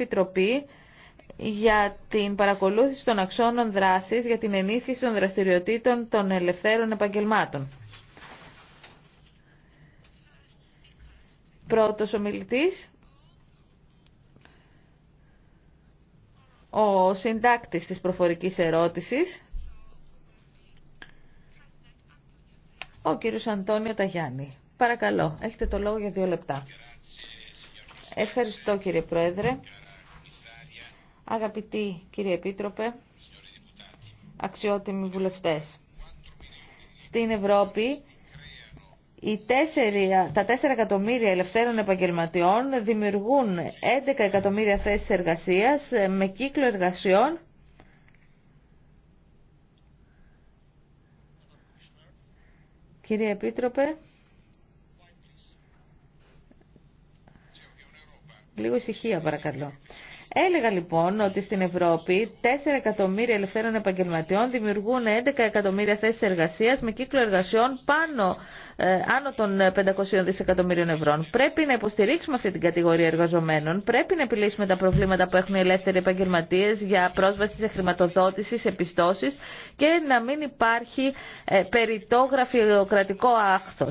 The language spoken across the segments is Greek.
Επιτροπή για την παρακολούθηση των αξώνων δράσης για την ενίσχυση των δραστηριοτήτων των ελευθέρων επαγγελμάτων. Πρώτος ομιλητής, ο συντάκτης της προφορικής ερώτησης, ο κύριος Αντώνιο Ταγιάννη. Παρακαλώ, έχετε το λόγο για δύο λεπτά. Ευχαριστώ κύριε Πρόεδρε. Αγαπητοί κύριε Επίτροπε, αξιότιμοι βουλευτές, στην Ευρώπη οι τα 4 εκατομμύρια ελευθέρων επαγγελματιών δημιουργούν 11 εκατομμύρια θέσεις εργασίας με κύκλο εργασιών Κύριε Επίτροπε, λίγο ησυχία παρακαλώ. Έλεγα λοιπόν ότι στην Ευρώπη 4 εκατομμύρια ελευθέρων επαγγελματιών δημιουργούν 11 εκατομμύρια θέσεις εργασίας με κύκλο εργασιών πάνω ε, άνω των 500 δισεκατομμύριων ευρώ. Πρέπει να υποστηρίξουμε αυτή την κατηγορία εργαζομένων. Πρέπει να επιλύσουμε τα προβλήματα που έχουν οι ελεύθεροι επαγγελματίε για πρόσβαση σε χρηματοδότηση, σε πιστώσει και να μην υπάρχει ε, περιτό γραφειοκρατικό άχθο.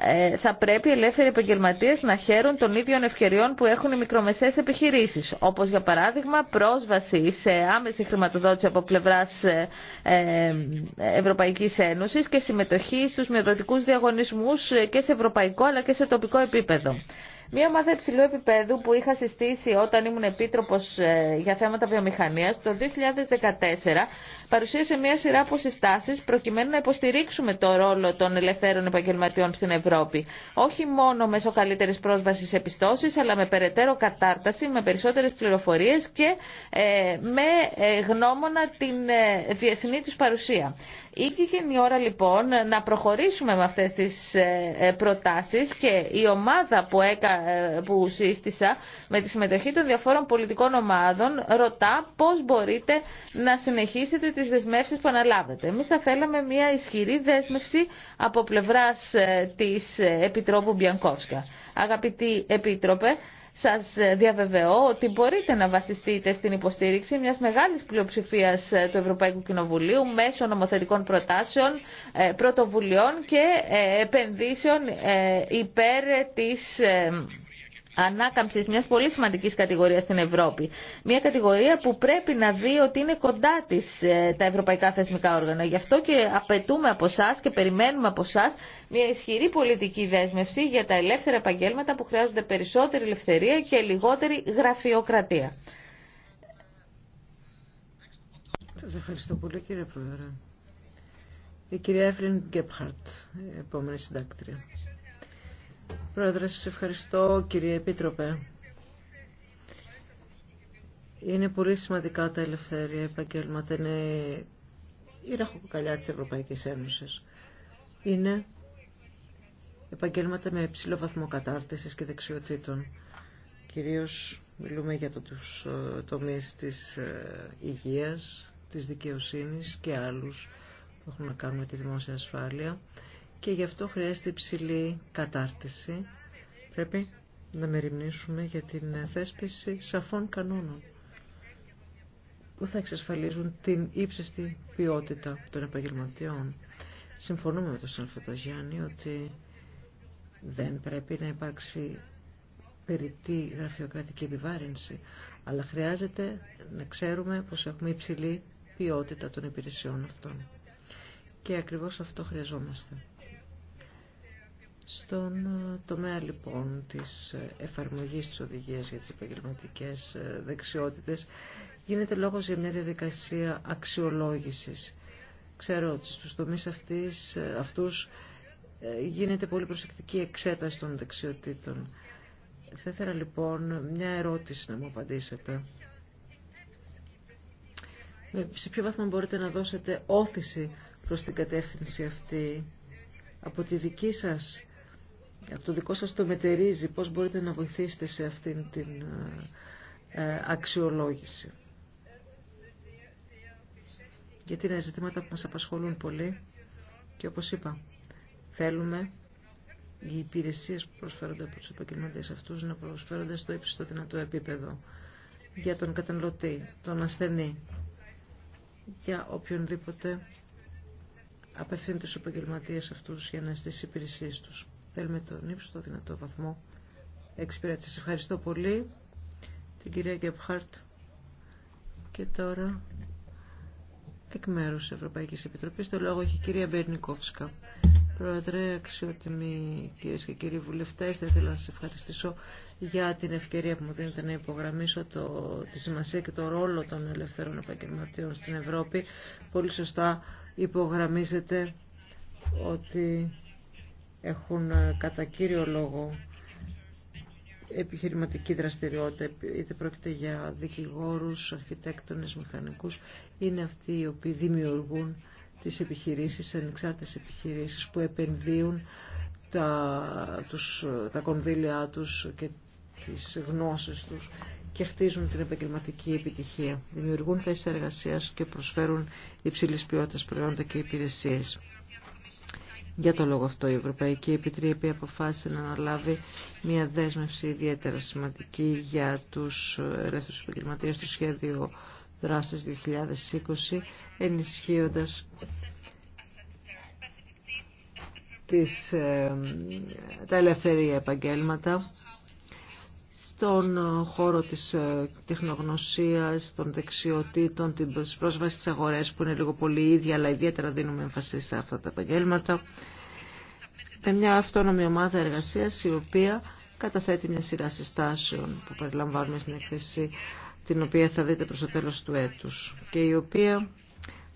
Ε, θα πρέπει οι ελεύθεροι επαγγελματίε να χαίρουν των ίδιων ευκαιριών που έχουν οι μικρομεσαίες επιχειρήσει. Όπω για παράδειγμα πρόσβαση σε άμεση χρηματοδότηση από πλευρά ε, ε, Ευρωπαϊκή Ένωση και συμμετοχή στου μειοδοτικού διαγωνισμού και σε ευρωπαϊκό αλλά και σε τοπικό επίπεδο. Μία ομάδα υψηλού επίπεδου που είχα συστήσει όταν ήμουν επίτροπος ε, για θέματα βιομηχανίας το 2014 παρουσίασε μία σειρά από προκειμένου να υποστηρίξουμε το ρόλο των ελευθέρων επαγγελματιών στην Ευρώπη. Όχι μόνο μέσω καλύτερης πρόσβασης πιστώσει, αλλά με περαιτέρω κατάρταση, με περισσότερε πληροφορίε και ε, με ε, γνώμονα την διεθνή του παρουσία. Ήγηκε η ώρα λοιπόν να προχωρήσουμε με αυτές τις ε, ε, προτάσεις και η ομάδα που, έκα, ε, που σύστησα με τη συμμετοχή των διαφόρων πολιτικών ομάδων ρωτά πώς μπορείτε να συνεχίσετε τις δεσμεύσεις που αναλάβετε. Εμείς θα θέλαμε μια ισχυρή δέσμευση από πλευράς της Επιτρόπου Μπιανκόφσκα. Αγαπητή Επίτροπε, σας διαβεβαιώ ότι μπορείτε να βασιστείτε στην υποστήριξη μιας μεγάλης πλειοψηφίας ε, του Ευρωπαϊκού Κοινοβουλίου μέσω νομοθετικών προτάσεων, ε, πρωτοβουλειών και ε, επενδύσεων υπέρ της ανάκαμψης μιας πολύ σημαντικής κατηγορίας στην Ευρώπη. Μια κατηγορία που πρέπει να δει ότι είναι κοντά της ε, τα ευρωπαϊκά θεσμικά όργανα. Γι' αυτό και απαιτούμε από εσά και περιμένουμε από εσά μια ισχυρή πολιτική δέσμευση για τα ελεύθερα επαγγέλματα που χρειάζονται περισσότερη ελευθερία και λιγότερη γραφειοκρατία. Σας ευχαριστώ πολύ κύριε Πρόεδρε. Η επόμενη συντάκτρια. Πρόεδρε, σας ευχαριστώ κύριε Επίτροπε. Είναι πολύ σημαντικά τα ελευθερία επαγγέλματα. Είναι η ραχοκοκαλιά της Ευρωπαϊκής Ένωσης. Είναι επαγγέλματα με υψηλό βαθμό κατάρτισης και δεξιοτήτων. Κυρίως μιλούμε για το, τους ε, τομείς της ε, υγείας, της δικαιοσύνης και άλλους που έχουν να κάνουν με τη δημόσια ασφάλεια και γι' αυτό χρειάζεται υψηλή κατάρτιση. Πρέπει να μεριμνήσουμε για την θέσπιση σαφών κανόνων που θα εξασφαλίζουν την ύψιστη ποιότητα των επαγγελματιών. Συμφωνούμε με τον Σαλφατογιάννη ότι δεν πρέπει να υπάρξει περιττή γραφειοκρατική επιβάρυνση, αλλά χρειάζεται να ξέρουμε πως έχουμε υψηλή ποιότητα των υπηρεσιών αυτών. Και ακριβώς αυτό χρειαζόμαστε. Στον ε, τομέα λοιπόν της ε, εφαρμογής της οδηγίας για τις επαγγελματικές ε, δεξιότητες γίνεται λόγος για μια διαδικασία αξιολόγησης. Ξέρω ότι στους τομείς αυτής, αυτούς γίνεται πολύ προσεκτική εξέταση των δεξιοτήτων. Θα ήθελα λοιπόν μια ερώτηση να μου απαντήσετε. Σε ποιο βαθμό μπορείτε να δώσετε όθηση προς την κατεύθυνση αυτή από τη δική σας από το δικό σας το μετερίζει, πώς μπορείτε να βοηθήσετε σε αυτήν την ε, αξιολόγηση. Γιατί είναι ζητήματα που μας απασχολούν πολύ και όπως είπα, θέλουμε οι υπηρεσίες που προσφέρονται από τους επαγγελματίες αυτούς να προσφέρονται στο ύψιστο δυνατό επίπεδο για τον καταναλωτή, τον ασθενή, για οποιονδήποτε απευθύνεται στους επαγγελματίες αυτούς για να στήσει υπηρεσίες τους θέλουμε τον ύψιστο δυνατό βαθμό εξυπηρέτησης. Ευχαριστώ πολύ την κυρία Γκέμπχαρτ και τώρα εκ μέρους της Ευρωπαϊκής Επιτροπής το λόγο έχει η κυρία Μπερνικόφσκα. Πρόεδρε, αξιότιμοι κυρίες και κύριοι βουλευτές, θα ήθελα να σας ευχαριστήσω για την ευκαιρία που μου δίνετε να υπογραμμίσω το, τη σημασία και το ρόλο των ελευθερών επαγγελματίων στην Ευρώπη. Πολύ σωστά υπογραμμίζετε ότι έχουν ε, κατά κύριο λόγο επιχειρηματική δραστηριότητα, είτε πρόκειται για δικηγόρους, αρχιτέκτονες, μηχανικούς, είναι αυτοί οι οποίοι δημιουργούν τις επιχειρήσεις, ανεξάρτητες επιχειρήσεις που επενδύουν τα, τους, τα κονδύλια τους και τις γνώσεις τους και χτίζουν την επαγγελματική επιτυχία. Δημιουργούν θέσεις εργασίας και προσφέρουν υψηλής ποιότητας προϊόντα και υπηρεσίες. Για το λόγο αυτό η Ευρωπαϊκή Επιτροπή αποφάσισε να αναλάβει μια δέσμευση ιδιαίτερα σημαντική για τους ελεύθερους επαγγελματίες στο σχέδιο δράσης 2020, ενισχύοντας τις, ε, τα ελευθερία επαγγέλματα τον ε, χώρο της ε, τεχνογνωσίας, των δεξιοτήτων, την πρόσβαση στις αγορές που είναι λίγο πολύ ίδια, αλλά ιδιαίτερα δίνουμε έμφαση σε αυτά τα επαγγέλματα. Με μια αυτόνομη ομάδα εργασίας η οποία καταθέτει μια σειρά συστάσεων που περιλαμβάνουμε στην εκθέση την οποία θα δείτε προς το τέλος του έτους και η οποία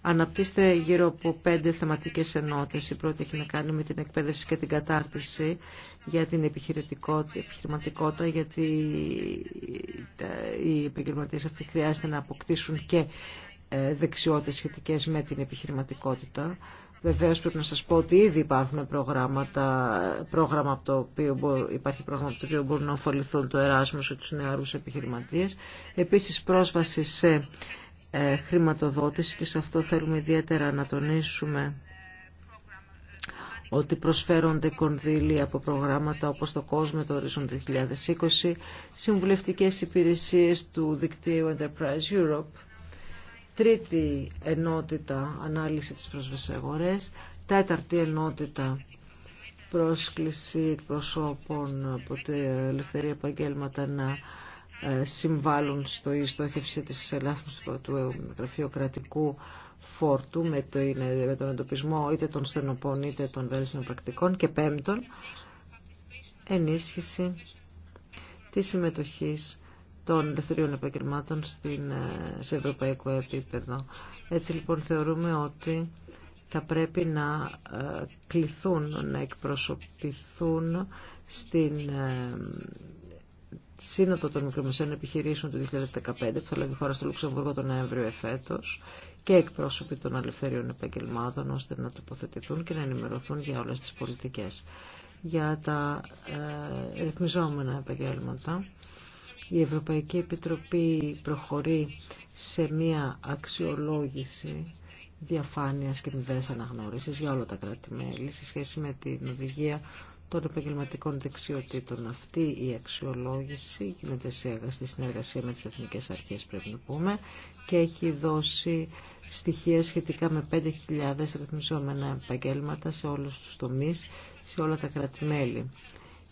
αναπτύσσεται γύρω από πέντε θεματικές ενότητες. Η πρώτη έχει να κάνει με την εκπαίδευση και την κατάρτιση για την επιχειρηματικότητα, γιατί οι επιχειρηματίες αυτοί χρειάζεται να αποκτήσουν και ε, δεξιότητες σχετικές με την επιχειρηματικότητα. Βεβαίως πρέπει να σας πω ότι ήδη υπάρχουν προγράμματα, πρόγραμμα από το οποίο υπάρχει πρόγραμμα από το οποίο μπορούν να αφοληθούν το Εράσμος και τους νεαρούς επιχειρηματίες. Επίσης πρόσβαση σε ε, χρηματοδότηση και σε αυτό θέλουμε ιδιαίτερα να τονίσουμε ότι προσφέρονται κονδύλια από προγράμματα όπως το COSME, το Horizon 2020, συμβουλευτικές υπηρεσίες του δικτύου Enterprise Europe, τρίτη ενότητα ανάλυση της τα τέταρτη ενότητα πρόσκληση προσώπων από τα ελευθερία επαγγέλματα να ε, συμβάλλουν στο στόχευση της ελάφρυνσης του γραφειοκρατικού φόρτου με, το, τον εντοπισμό είτε των στενοπών είτε των βέλτιστων πρακτικών και πέμπτον ενίσχυση της συμμετοχής των ελευθερίων επαγγελμάτων στην, ε, σε ευρωπαϊκό επίπεδο. Έτσι λοιπόν θεωρούμε ότι θα πρέπει να ε, κληθούν, να εκπροσωπηθούν στην Σύνοδο των Μικρομεσαίων Επιχειρήσεων του 2015 που θα λάβει χώρα στο Λουξεμβούργο τον Νοέμβριο εφέτος και εκπρόσωποι των αλευθερίων επαγγελμάτων ώστε να τοποθετηθούν και να ενημερωθούν για όλες τις πολιτικές. Για τα ε, ρυθμιζόμενα επαγγέλματα η Ευρωπαϊκή Επιτροπή προχωρεί σε μία αξιολόγηση διαφάνειας και μηδές αναγνώρισης για όλα τα κράτη-μέλη σε σχέση με την οδηγία των επαγγελματικών δεξιοτήτων. Αυτή η αξιολόγηση γίνεται σε, στη συνεργασία με τις εθνικές αρχές πρέπει να πούμε και έχει δώσει στοιχεία σχετικά με 5.000 ρυθμιζόμενα επαγγέλματα σε όλους τους τομείς, σε όλα τα κρατημέλη.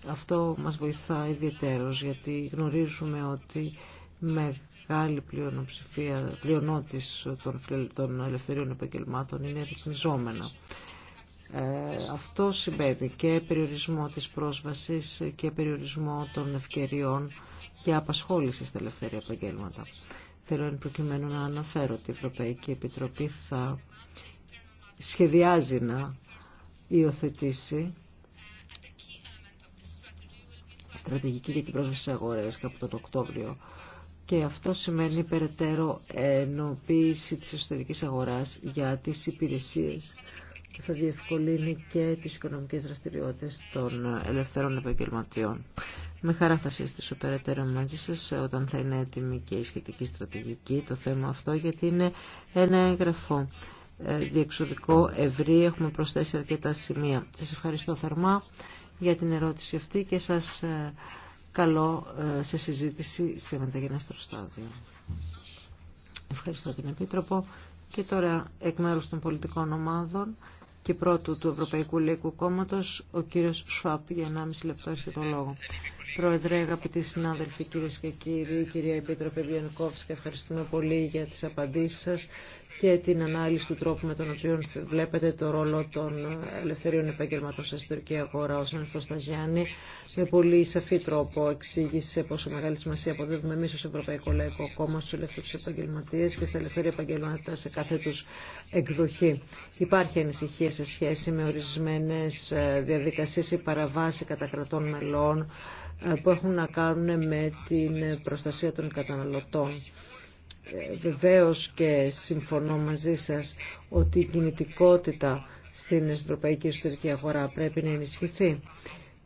Αυτό μας βοηθά ιδιαίτερος γιατί γνωρίζουμε ότι μεγάλη πλειονότητα πλειονότηση των, των ελευθερίων επαγγελμάτων είναι ρυθμιζόμενα. Ε, αυτό συμπέδει και περιορισμό της πρόσβασης και περιορισμό των ευκαιριών για απασχόληση στα ελευθερία επαγγέλματα. Θέλω εν προκειμένου να αναφέρω ότι η Ευρωπαϊκή Επιτροπή θα σχεδιάζει να υιοθετήσει στρατηγική για την πρόσβαση σε αγορές από τον Οκτώβριο και αυτό σημαίνει περαιτέρω ενοποίηση της εσωτερικής αγοράς για τις υπηρεσίες και θα διευκολύνει και τις οικονομικές δραστηριότητες των ελευθερών επαγγελματιών. Με χαρά θα συζητήσω περαιτέρω μαζί σας όταν θα είναι έτοιμη και η σχετική στρατηγική το θέμα αυτό γιατί είναι ένα έγγραφο ε, διεξοδικό ευρύ. Έχουμε προσθέσει αρκετά σημεία. Σας ευχαριστώ θερμά για την ερώτηση αυτή και σας ε, καλώ ε, σε συζήτηση σε μεταγενέστερο στάδιο. Ευχαριστώ την Επίτροπο και τώρα εκ μέρους των πολιτικών ομάδων και πρώτου του Ευρωπαϊκού Λαϊκού Κόμματος, ο κύριος Σφάπ, για 1,5 λεπτό έχει το λόγο. Πρόεδρε, αγαπητοί συνάδελφοι, κυρίε και κύριοι, κυρία Επίτροπε και ευχαριστούμε πολύ για τις απαντήσεις σας και την ανάλυση του τρόπου με τον οποίο βλέπετε το ρόλο των ελευθερίων επαγγελματών στην ιστορική αγορά. Ο Σαν Φωσταζιάννη με πολύ σαφή τρόπο εξήγησε πόσο μεγάλη σημασία αποδίδουμε εμεί ω Ευρωπαϊκό Λαϊκό Κόμμα στου ελεύθερου επαγγελματίε και στα ελευθερία επαγγελματά σε κάθε του εκδοχή. Υπάρχει ανησυχία σε σχέση με ορισμένε διαδικασίε ή παραβάσει κατά κρατών μελών ε, που έχουν να κάνουν με την προστασία των καταναλωτών βεβαίως και συμφωνώ μαζί σας ότι η κινητικότητα στην ευρωπαϊκή εσωτερική αγορά πρέπει να ενισχυθεί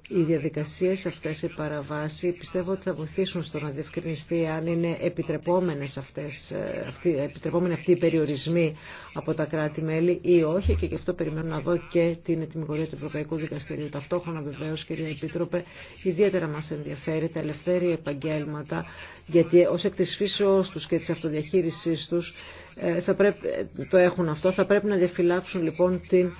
οι διαδικασίες αυτές, οι παραβάσει, πιστεύω ότι θα βοηθήσουν στο να διευκρινιστεί αν είναι επιτρεπόμενες αυτές, ε, αυτοί, επιτρεπόμενοι αυτοί οι περιορισμοί από τα κράτη-μέλη ή όχι και γι' αυτό περιμένω να δω και την ετοιμιγωρία του Ευρωπαϊκού Δικαστηρίου. Ταυτόχρονα βεβαίως, κυρία Επίτροπε, ιδιαίτερα μας ενδιαφέρει τα ελευθέρια επαγγέλματα, γιατί ως εκ της φύσεώς τους και της αυτοδιαχείρισής τους ε, θα πρέπει, το έχουν αυτό, θα πρέπει να διαφυλάξουν λοιπόν την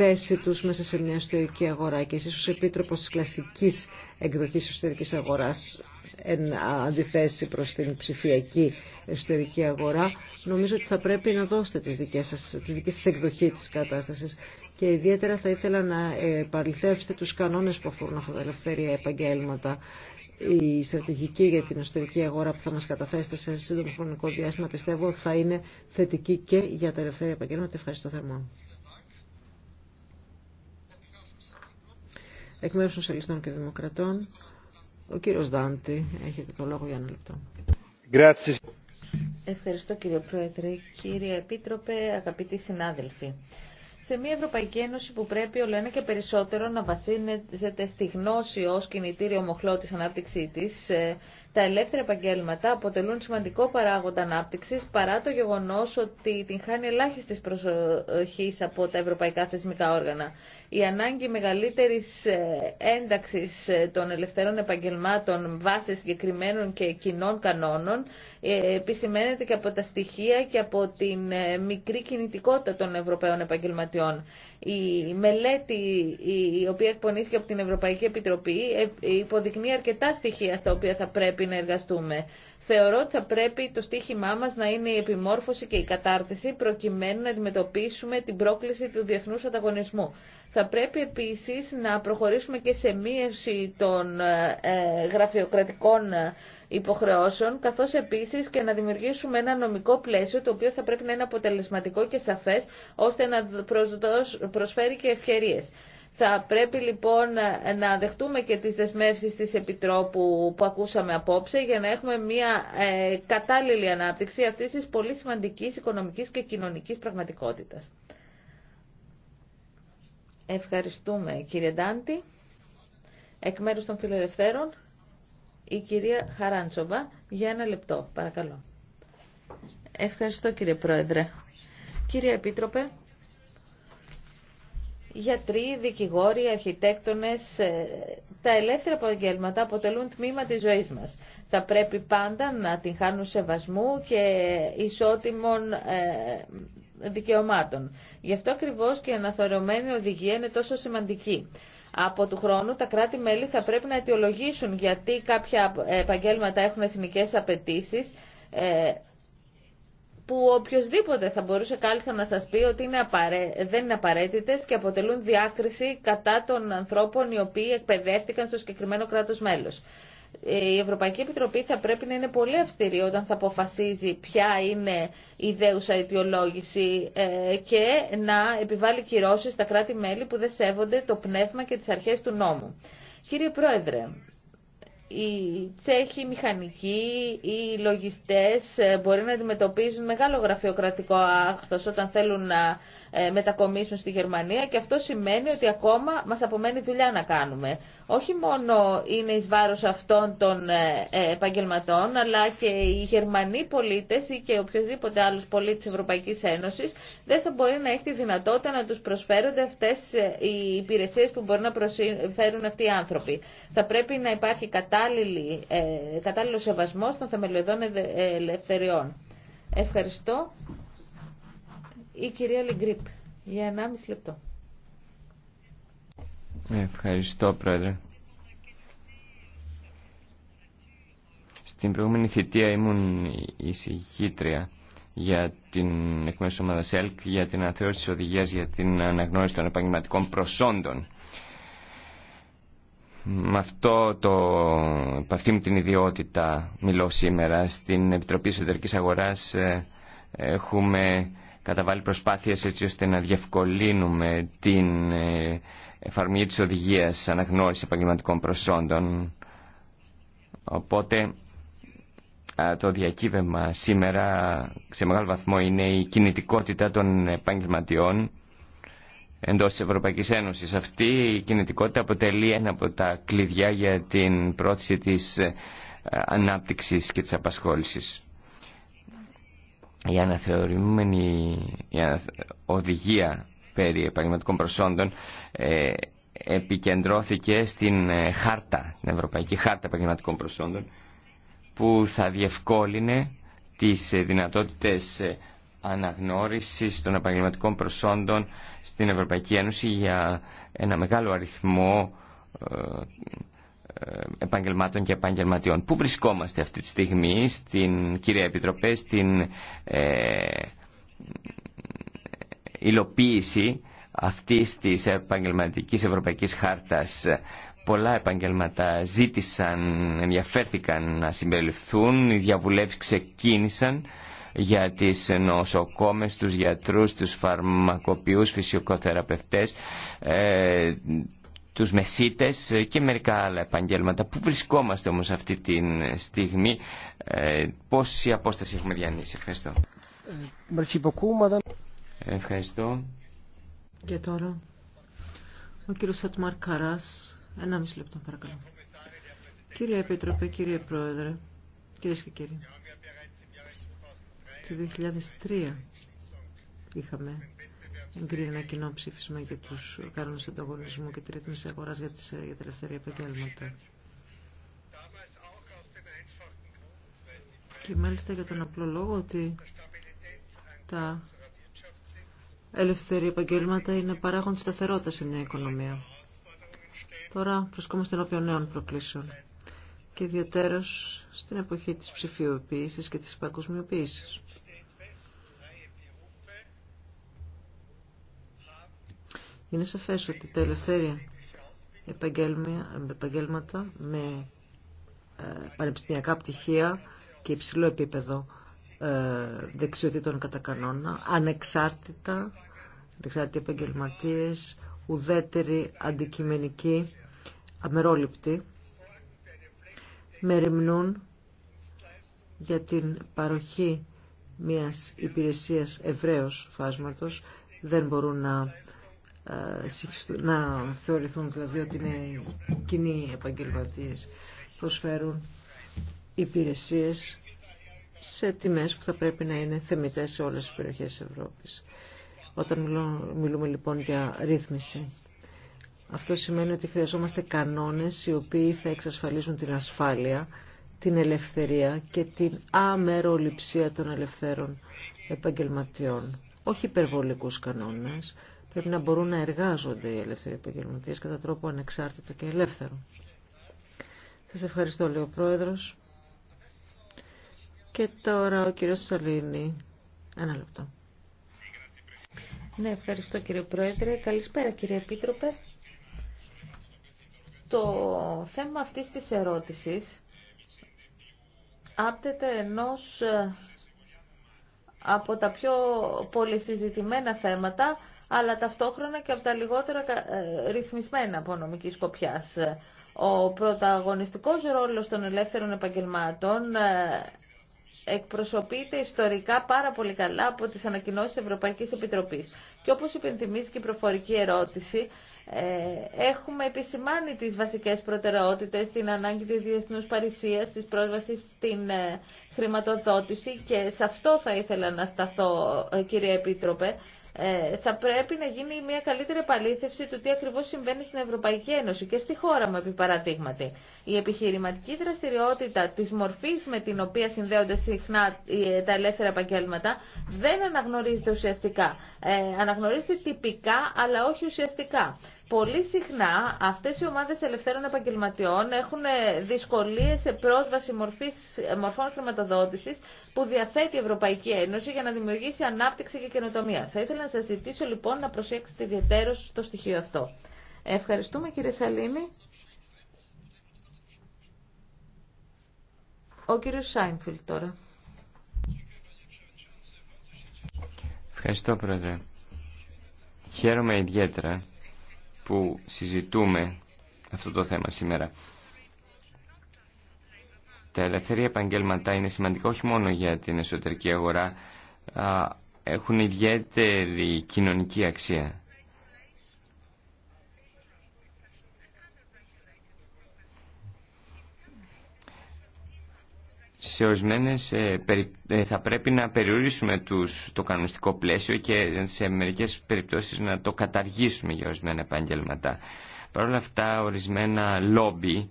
θέση τους μέσα σε μια ιστορική αγορά και εσείς ως επίτροπος της κλασικής εκδοχής ιστορικής αγοράς εν αντιθέσει προς την ψηφιακή εσωτερική αγορά νομίζω ότι θα πρέπει να δώσετε τις δικές σας, τις δικές σας εκδοχή της κατάστασης και ιδιαίτερα θα ήθελα να παρελθεύσετε τους κανόνες που αφορούν αυτά τα ελευθερία επαγγέλματα η στρατηγική για την εσωτερική αγορά που θα μας καταθέσετε σε σύντομο χρονικό διάστημα πιστεύω θα είναι θετική και για τα ελευθερία επαγγέλματα. Ευχαριστώ θερμά. εκ μέρους των Σελιστών και Δημοκρατών. Ο κύριος Δάντη, έχετε το λόγο για ένα λεπτό. Ευχαριστώ κύριε Πρόεδρε, κύριε Επίτροπε, αγαπητοί συνάδελφοι σε μια Ευρωπαϊκή Ένωση που πρέπει όλο ένα και περισσότερο να βασίζεται στη γνώση ως κινητήριο μοχλό της ανάπτυξή της, ε, τα ελεύθερα επαγγέλματα αποτελούν σημαντικό παράγοντα ανάπτυξης παρά το γεγονός ότι την χάνει ελάχιστη προσοχή από τα ευρωπαϊκά θεσμικά όργανα. Η ανάγκη μεγαλύτερης ε, ένταξης ε, των ελευθερών επαγγελμάτων βάσει συγκεκριμένων και κοινών κανόνων επισημαίνεται και από τα στοιχεία και από την μικρή κινητικότητα των ευρωπαίων επαγγελματιών η μελέτη η οποία εκπονήθηκε από την Ευρωπαϊκή Επιτροπή ε, υποδεικνύει αρκετά στοιχεία στα οποία θα πρέπει να εργαστούμε. Θεωρώ ότι θα πρέπει το στίχημά μας να είναι η επιμόρφωση και η κατάρτιση προκειμένου να αντιμετωπίσουμε την πρόκληση του διεθνούς ανταγωνισμού. Θα πρέπει επίσης να προχωρήσουμε και σε μείωση των ε, ε, γραφειοκρατικών ε, υποχρεώσεων, καθώς επίσης και να δημιουργήσουμε ένα νομικό πλαίσιο το οποίο θα πρέπει να είναι αποτελεσματικό και σαφές, ώστε να προσφέρει και ευκαιρίες. Θα πρέπει λοιπόν να δεχτούμε και τις δεσμεύσεις της Επιτρόπου που ακούσαμε απόψε για να έχουμε μια ε, κατάλληλη ανάπτυξη αυτής της πολύ σημαντικής οικονομικής και κοινωνικής πραγματικότητας. Ευχαριστούμε κύριε Ντάντη. Εκ μέρους των φιλελευθέρων, η κυρία Χαράντσοβα για ένα λεπτό, παρακαλώ. Ευχαριστώ κύριε Πρόεδρε. Κύριε Επίτροπε, γιατροί, δικηγόροι, αρχιτέκτονες, ε, τα ελεύθερα επαγγέλματα αποτελούν τμήμα της ζωής μας. Θα πρέπει πάντα να την χάνουν σεβασμού και ισότιμων ε, δικαιωμάτων. Γι' αυτό ακριβώ και η αναθεωρημένη οδηγία είναι τόσο σημαντική. Από του χρόνου τα κράτη-μέλη θα πρέπει να αιτιολογήσουν γιατί κάποια επαγγέλματα έχουν εθνικές απαιτήσεις ε, που οποιοδήποτε θα μπορούσε κάλλιστα να σας πει ότι είναι δεν είναι απαραίτητες και αποτελούν διάκριση κατά των ανθρώπων οι οποίοι εκπαιδεύτηκαν στο συγκεκριμένο κράτος μέλος. Η Ευρωπαϊκή Επιτροπή θα πρέπει να είναι πολύ αυστηρή όταν θα αποφασίζει ποια είναι η δέουσα αιτιολόγηση ε, και να επιβάλλει κυρώσεις στα κράτη-μέλη που δεν σέβονται το πνεύμα και τις αρχές του νόμου. Κύριε Πρόεδρε, οι Τσέχοι μηχανικοί, οι λογιστές ε, μπορεί να αντιμετωπίζουν μεγάλο γραφειοκρατικό άχθος όταν θέλουν να ε, μετακομίσουν στη Γερμανία και αυτό σημαίνει ότι ακόμα μας απομένει δουλειά να κάνουμε. Όχι μόνο είναι εις βάρος αυτών των ε, ε, επαγγελματών, αλλά και οι Γερμανοί πολίτες ή και οποιοδήποτε άλλος πολίτης Ευρωπαϊκής Ένωσης δεν θα μπορεί να έχει τη δυνατότητα να τους προσφέρονται αυτές οι υπηρεσίες που μπορεί να προσφέρουν αυτοί οι άνθρωποι. Θα πρέπει να υπάρχει κατάλληλο σεβασμό των θεμελιωδών ελευθεριών. Ευχαριστώ. Η κυρία Λιγκρίπ, για 1,5 λεπτό. Ευχαριστώ, Πρόεδρε. Στην προηγούμενη θητεία ήμουν συγχύτρια για την εκμέσου ομάδα ΕΛΚ για την αναθεώρηση της οδηγίας για την αναγνώριση των επαγγελματικών προσόντων. Με αυτό το, μου την ιδιότητα μιλώ σήμερα. Στην Επιτροπή Εσωτερικής Αγοράς ε, έχουμε καταβάλει προσπάθειες έτσι ώστε να διευκολύνουμε την ε, εφαρμογή της οδηγίας αναγνώριση επαγγελματικών προσόντων. Οπότε το διακύβευμα σήμερα σε μεγάλο βαθμό είναι η κινητικότητα των επαγγελματιών εντός της Ευρωπαϊκής Ένωσης. Αυτή η κινητικότητα αποτελεί ένα από τα κλειδιά για την πρόθεση της ε, ανάπτυξης και της απασχόλησης η αναθεωρημένη η οδηγία περί επαγγελματικών προσόντων ε, επικεντρώθηκε στην ε, χάρτα, την Ευρωπαϊκή Χάρτα Επαγγελματικών Προσόντων που θα διευκόλυνε τις ε, δυνατότητες ε, αναγνώρισης των επαγγελματικών προσόντων στην Ευρωπαϊκή Ένωση για ένα μεγάλο αριθμό επαγγελμάτων και επαγγελματιών. Πού βρισκόμαστε αυτή τη στιγμή, στην κυρία Επιτροπέ, στην ε, υλοποίηση αυτής της επαγγελματικής ευρωπαϊκής χάρτας. Πολλά επαγγελματά ζήτησαν, ενδιαφέρθηκαν να συμπεριληφθούν, οι διαβουλεύσεις ξεκίνησαν για τις νοσοκόμες, τους γιατρούς, τους φαρμακοποιούς, φυσικοθεραπευτές, ε, τους μεσίτες ε, και μερικά άλλα επαγγέλματα. Πού βρισκόμαστε όμως αυτή τη στιγμή, ε, πόση απόσταση έχουμε διανύσει. Ευχαριστώ. Ευχαριστώ. Και τώρα, ο κύριος Σατμάρ Καράς, ένα μισή λεπτό παρακαλώ. Κύριε Επίτροπε, κύριε Πρόεδρε, κυρίες και κύριοι, το 2003 είχαμε Εγκρίνει ένα κοινό ψήφισμα για τους κανόνε ανταγωνισμού και τη ρύθμιση αγοράς ε, για, τα ελευθερία επαγγέλματα. Και μάλιστα για τον απλό λόγο ότι τα ελευθερία επαγγέλματα είναι παράγον τη σταθερότητας σε μια οικονομία. Τώρα βρισκόμαστε ενώπιον νέων προκλήσεων και ιδιαίτερως στην εποχή της ψηφιοποίησης και της παγκοσμιοποίησης. Είναι σαφές ότι τα ελευθέρια επαγγέλματα με ε, πανεπιστημιακά πτυχία και υψηλό επίπεδο ε, δεξιοτήτων κατά κανόνα, ανεξάρτητα, ανεξάρτητοι επαγγελματίες, ουδέτεροι, αντικειμενικοί, αμερόληπτοι, μεριμνούν για την παροχή μιας υπηρεσίας ευραίως φάσματος, δεν μπορούν να ε, να θεωρηθούν δηλαδή ότι είναι κοινοί επαγγελματίες προσφέρουν υπηρεσίες σε τιμές που θα πρέπει να είναι θεμητές σε όλες τις περιοχές της Ευρώπης. Όταν μιλούμε λοιπόν για ρύθμιση, αυτό σημαίνει ότι χρειαζόμαστε κανόνες οι οποίοι θα εξασφαλίζουν την ασφάλεια, την ελευθερία και την αμεροληψία των ελευθέρων επαγγελματιών. Όχι υπερβολικούς κανόνες, πρέπει να μπορούν να εργάζονται οι ελεύθεροι επαγγελματίε κατά τρόπο ανεξάρτητο και ελεύθερο. Σα ευχαριστώ, λέει ο Πρόεδρο. Και τώρα ο κύριος Σαλίνη. Ένα λεπτό. Ναι, ευχαριστώ κύριε Πρόεδρε. Καλησπέρα κύριε Επίτροπε. Το θέμα αυτής της ερώτησης άπτεται ενός ε, από τα πιο πολυσυζητημένα θέματα αλλά ταυτόχρονα και από τα λιγότερα ε, ρυθμισμένα από νομική σκοπιά. Ο πρωταγωνιστικός ρόλος των ελεύθερων επαγγελμάτων ε, εκπροσωπείται ιστορικά πάρα πολύ καλά από τις ανακοινώσεις Ευρωπαϊκής Επιτροπής. Και όπως υπενθυμίζει και η προφορική ερώτηση, ε, έχουμε επισημάνει τις βασικές προτεραιότητες, την ανάγκη της διεθνούς παρησίας, της πρόσβασης στην χρηματοδότηση και σε αυτό θα ήθελα να σταθώ, κύριε Επίτροπε, ε, θα πρέπει να γίνει μια καλύτερη επαλήθευση του τι ακριβώς συμβαίνει στην Ευρωπαϊκή Ένωση και στη χώρα μου επί παραδείγματι. Η επιχειρηματική δραστηριότητα της μορφής με την οποία συνδέονται συχνά ε, τα ελεύθερα επαγγέλματα δεν αναγνωρίζεται ουσιαστικά. Ε, αναγνωρίζεται τυπικά αλλά όχι ουσιαστικά. Πολύ συχνά αυτές οι ομάδες ελευθέρων επαγγελματιών έχουν ε, δυσκολίες σε πρόσβαση ε, μορφών χρηματοδότησης που διαθέτει η Ευρωπαϊκή Ένωση για να δημιουργήσει ανάπτυξη και καινοτομία. Θα ήθελα να σας ζητήσω λοιπόν να προσέξετε ιδιαίτερο στο στοιχείο αυτό. Ευχαριστούμε κύριε Σαλίνη. Ο κύριος Σάινφιλτ τώρα. Ευχαριστώ πρόεδρε. Χαίρομαι ιδιαίτερα που συζητούμε αυτό το θέμα σήμερα. Τα ελευθερία επαγγέλματα είναι σημαντικά όχι μόνο για την εσωτερική αγορά, έχουν ιδιαίτερη κοινωνική αξία. σε ορισμένε ε, ε, θα πρέπει να περιορίσουμε τους, το κανονιστικό πλαίσιο και σε μερικές περιπτώσεις να το καταργήσουμε για ορισμένα επαγγέλματα. Παρ' όλα αυτά ορισμένα λόμπι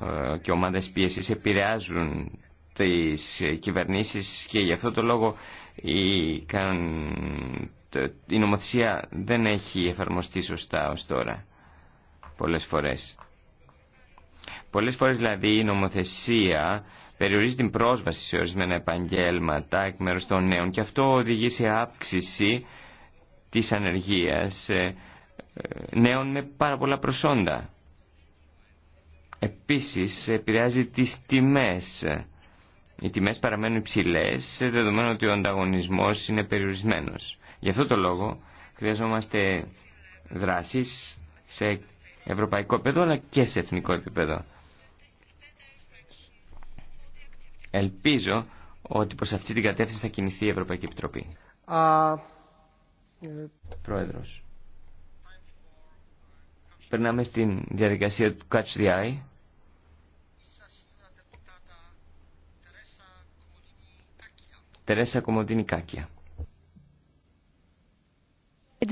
ε, και ομάδες πίεσης επηρεάζουν τις κυβερνήσεις και γι' αυτό το λόγο η, η νομοθεσία δεν έχει εφαρμοστεί σωστά ως τώρα πολλές φορές. Πολλές φορές δηλαδή η νομοθεσία περιορίζει την πρόσβαση σε ορισμένα επαγγέλματα εκ μέρους των νέων και αυτό οδηγεί σε αύξηση της ανεργίας ε, ε, νέων με πάρα πολλά προσόντα. Επίσης επηρεάζει τις τιμές. Οι τιμές παραμένουν υψηλές, ε, δεδομένου ότι ο ανταγωνισμός είναι περιορισμένος. Γι' αυτό το λόγο χρειαζόμαστε δράσεις σε ευρωπαϊκό επίπεδο αλλά και σε εθνικό επίπεδο. Ελπίζω ότι προς αυτή την κατεύθυνση θα κινηθεί η Ευρωπαϊκή Επιτροπή. Uh... Πρόεδρος. Περνάμε στην διαδικασία του Catch the Eye. Τερέσα Κομοντίνη Κάκια.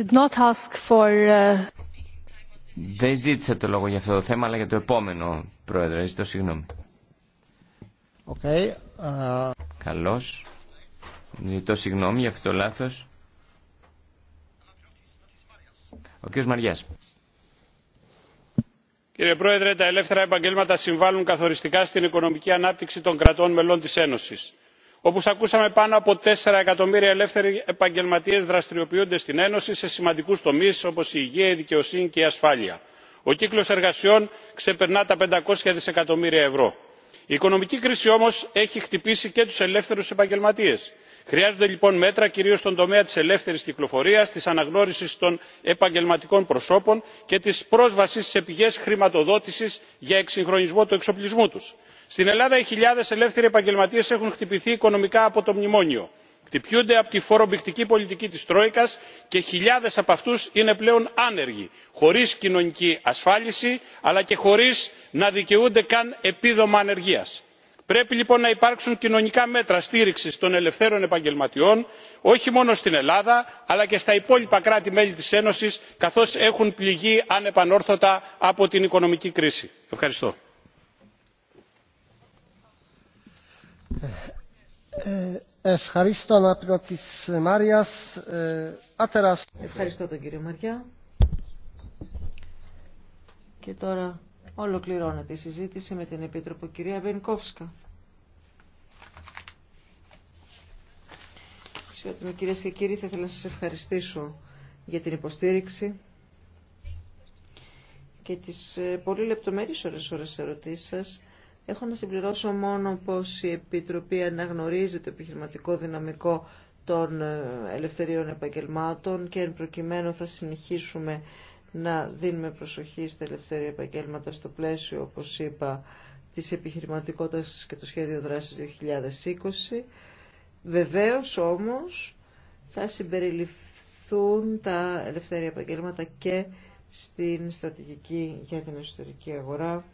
Uh, Δεν ζήτησα το λόγο για αυτό το θέμα, αλλά για το επόμενο, Πρόεδρε. Ζητώ συγγνώμη. Okay. Uh... Καλώς. Ζητώ συγγνώμη για αυτό το λάθος. Ο κ. Μαριάς. Κύριε Πρόεδρε, τα ελεύθερα επαγγέλματα συμβάλλουν καθοριστικά στην οικονομική ανάπτυξη των κρατών μελών της Ένωσης. Όπως ακούσαμε, πάνω από 4 εκατομμύρια ελεύθεροι επαγγελματίες δραστηριοποιούνται στην Ένωση σε σημαντικούς τομείς όπως η υγεία, η δικαιοσύνη και η ασφάλεια. Ο κύκλος εργασιών ξεπερνά τα 500 δισεκατομμύρια ευρώ η οικονομική κρίση όμως έχει χτυπήσει και τους ελεύθερους επαγγελματίες. χρειάζονται λοιπόν μέτρα κυρίως στον τομέα της ελεύθερης κυκλοφορίας της αναγνώρισης των επαγγελματικών προσώπων και της πρόσβασης σε πηγές χρηματοδότησης για εξυγχρονισμό του εξοπλισμού τους. στην ελλάδα οι χιλιάδες ελεύθεροι επαγγελματίες έχουν χτυπηθεί οικονομικά από το μνημόνιο χτυπιούνται από τη φορομπηκτική πολιτική της τρόικας και χιλιάδες από αυτούς είναι πλέον άνεργοι χωρίς κοινωνική ασφάλιση αλλά και χωρίς να δικαιούνται καν επίδομα ανεργίας. πρέπει λοιπόν να υπάρξουν κοινωνικά μέτρα στήριξης των ελευθέρων επαγγελματιών όχι μόνο στην ελλάδα αλλά και στα υπόλοιπα κράτη μέλη της ένωσης καθώς έχουν πληγεί ανεπανόρθωτα από την οικονομική κρίση. ευχαριστώ. Ε, ε, ε, Ευχαριστώ, τον κύριο Μαριά. Και τώρα ολοκληρώνεται η συζήτηση με την Επίτροπο κυρία Βενικόφσκα. Συγχαρητήρια κυρίε και κύριοι, θα ήθελα να σας ευχαριστήσω για την υποστήριξη και τις ε, πολύ λεπτομέρειες ώρες ώρες ερωτήσεις σας Έχω να συμπληρώσω μόνο πως η Επιτροπή αναγνωρίζει το επιχειρηματικό δυναμικό των ε, ελευθερίων επαγγελμάτων και εν προκειμένου θα συνεχίσουμε να δίνουμε προσοχή στα ελευθερία επαγγέλματα στο πλαίσιο, όπως είπα, της επιχειρηματικότητας και το σχέδιο δράσης 2020. Βεβαίως όμως θα συμπεριληφθούν τα ελευθερία επαγγέλματα και στην στρατηγική για την εσωτερική αγορά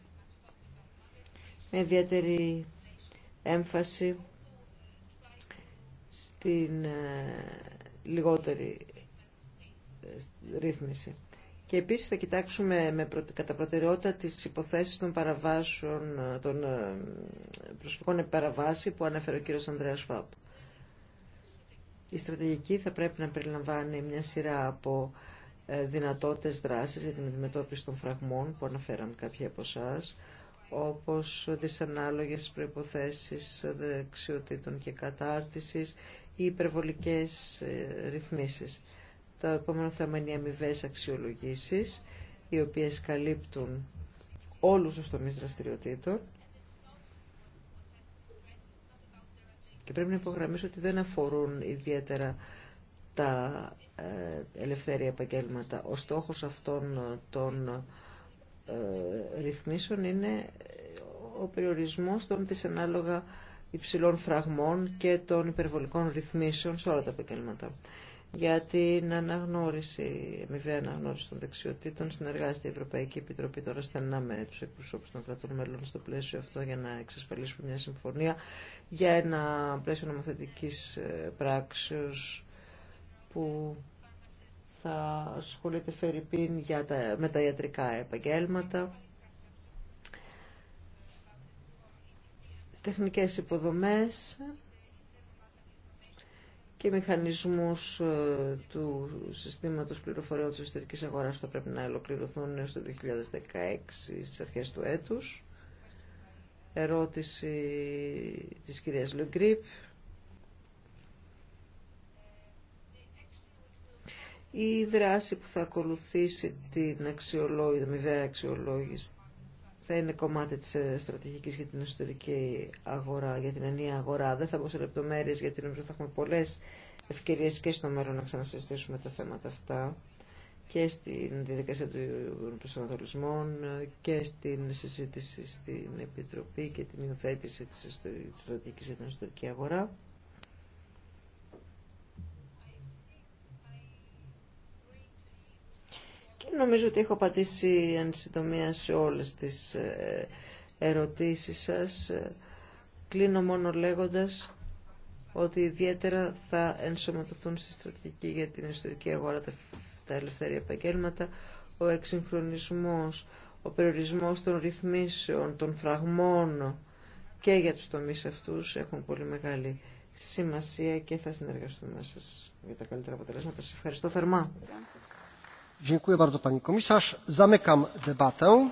με ιδιαίτερη έμφαση στην ε, λιγότερη ε, ρύθμιση. Και επίσης θα κοιτάξουμε με κατά προτεραιότητα τις υποθέσεις των παραβάσεων, ε, των προσφυγών παραβάση που ανέφερε ο κύριος Ανδρέας Φάπ. Η στρατηγική θα πρέπει να περιλαμβάνει μια σειρά από δυνατότητες δράσεις για την αντιμετώπιση των φραγμών που αναφέραν κάποιοι από εσάς όπως δυσανάλογες προϋποθέσεις δεξιοτήτων και κατάρτισης ή υπερβολικές ε, ρυθμίσεις. Το επόμενο θέμα είναι οι αμοιβέ αξιολογήσεις, οι οποίες καλύπτουν όλους τους τομείς δραστηριοτήτων και πρέπει να υπογραμμίσω ότι δεν αφορούν ιδιαίτερα τα ε, ελευθέρια επαγγέλματα. Ο στόχος αυτών των ε, ρυθμίσεων είναι ο περιορισμός των ανάλογα υψηλών φραγμών και των υπερβολικών ρυθμίσεων σε όλα τα επαγγέλματα. Για την αναγνώριση, αμοιβαία αναγνώριση των δεξιοτήτων, συνεργάζεται η Ευρωπαϊκή Επιτροπή τώρα στενά με του εκπροσώπου των κρατών μελών στο πλαίσιο αυτό για να εξασφαλίσουμε μια συμφωνία για ένα πλαίσιο νομοθετική ε, πράξεω που θα ασχολείται Φερρυπίν για τα, με τα ιατρικά επαγγέλματα. τεχνικές υποδομές και μηχανισμούς ε, του συστήματος πληροφοριών της εσωτερικής αγοράς θα πρέπει να ολοκληρωθούν έως το 2016 στις αρχές του έτους. Ερώτηση της κυρίας Λεγκρίπ. η δράση που θα ακολουθήσει την αξιολόγηση, αμοιβαία αξιολόγηση θα είναι κομμάτι της ε, στρατηγικής για την εσωτερική αγορά, για την ενιαία αγορά. Δεν θα πω σε λεπτομέρειες γιατί νομίζω θα έχουμε πολλές ευκαιρίες και στο μέλλον να ξανασυζητήσουμε τα θέματα αυτά και στην διαδικασία των προσανατολισμών και στην συζήτηση στην Επιτροπή και την υιοθέτηση της ε, στρατηγικής για την εσωτερική αγορά. Νομίζω ότι έχω πατήσει εν συντομία σε όλες τις ε, ερωτήσεις σας. Κλείνω μόνο λέγοντας ότι ιδιαίτερα θα ενσωματωθούν στη στρατηγική για την ιστορική αγορά τα ελευθερία επαγγέλματα, ο εξυγχρονισμός, ο περιορισμός των ρυθμίσεων, των φραγμών και για τους τομείς αυτούς έχουν πολύ μεγάλη σημασία και θα συνεργαστούμε σας για τα καλύτερα αποτελέσματα. Σας ευχαριστώ θερμά. Dziękuję bardzo pani komisarz. Zamykam debatę.